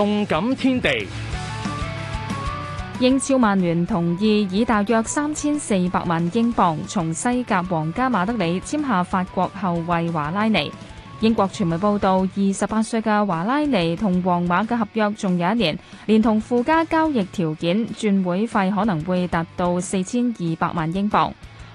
動感天地。英超曼聯同意以大約三千四百萬英鎊從西甲皇家馬德里簽下法國後衛華拉尼。英國傳媒報道，二十八歲嘅華拉尼同皇馬嘅合約仲有一年，連同附加交易條件，轉會費可能會達到四千二百萬英鎊。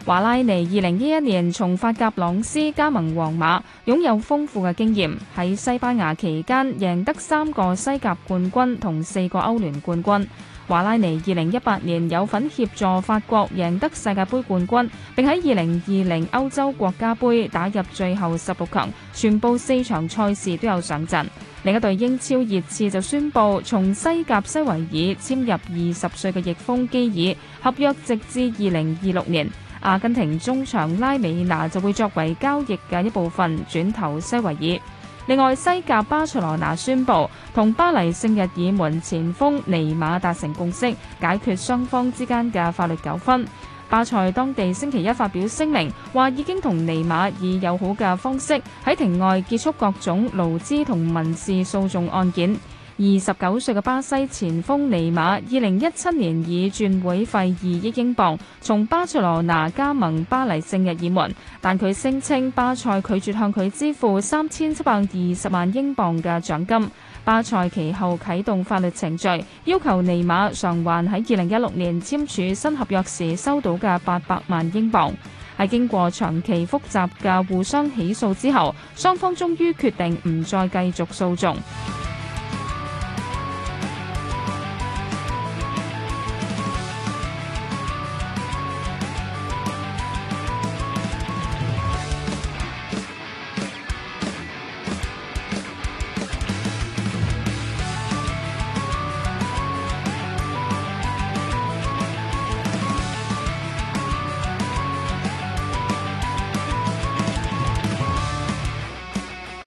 華拉尼二零一一年從法甲朗斯加盟皇馬，擁有豐富嘅經驗。喺西班牙期間，贏得三個西甲冠軍同四個歐聯冠軍。華拉尼二零一八年有份協助法國贏得世界盃冠軍，並喺二零二零歐洲國家盃打入最後十六強，全部四場賽事都有上陣。另一隊英超熱刺就宣布從西甲西維爾簽入二十歲嘅翼鋒基爾，合約直至二零二六年。阿根廷中場拉美娜就會作為交易嘅一部分轉投西維爾。另外，西甲巴塞羅那宣布同巴黎聖日耳門前鋒尼馬達成共識，解決雙方之間嘅法律糾紛。巴塞當地星期一發表聲明，話已經同尼馬以友好嘅方式喺庭外結束各種勞資同民事訴訟案件。二十九歲嘅巴西前鋒尼馬，二零一七年以轉會費二億英鎊從巴塞羅那加盟巴黎聖日耳門，但佢聲稱巴塞拒絕向佢支付三千七百二十萬英鎊嘅獎金。巴塞其後啟動法律程序，要求尼馬償還喺二零一六年簽署新合約時收到嘅八百萬英鎊。喺經過長期複雜嘅互相起訴之後，雙方終於決定唔再繼續訴訟。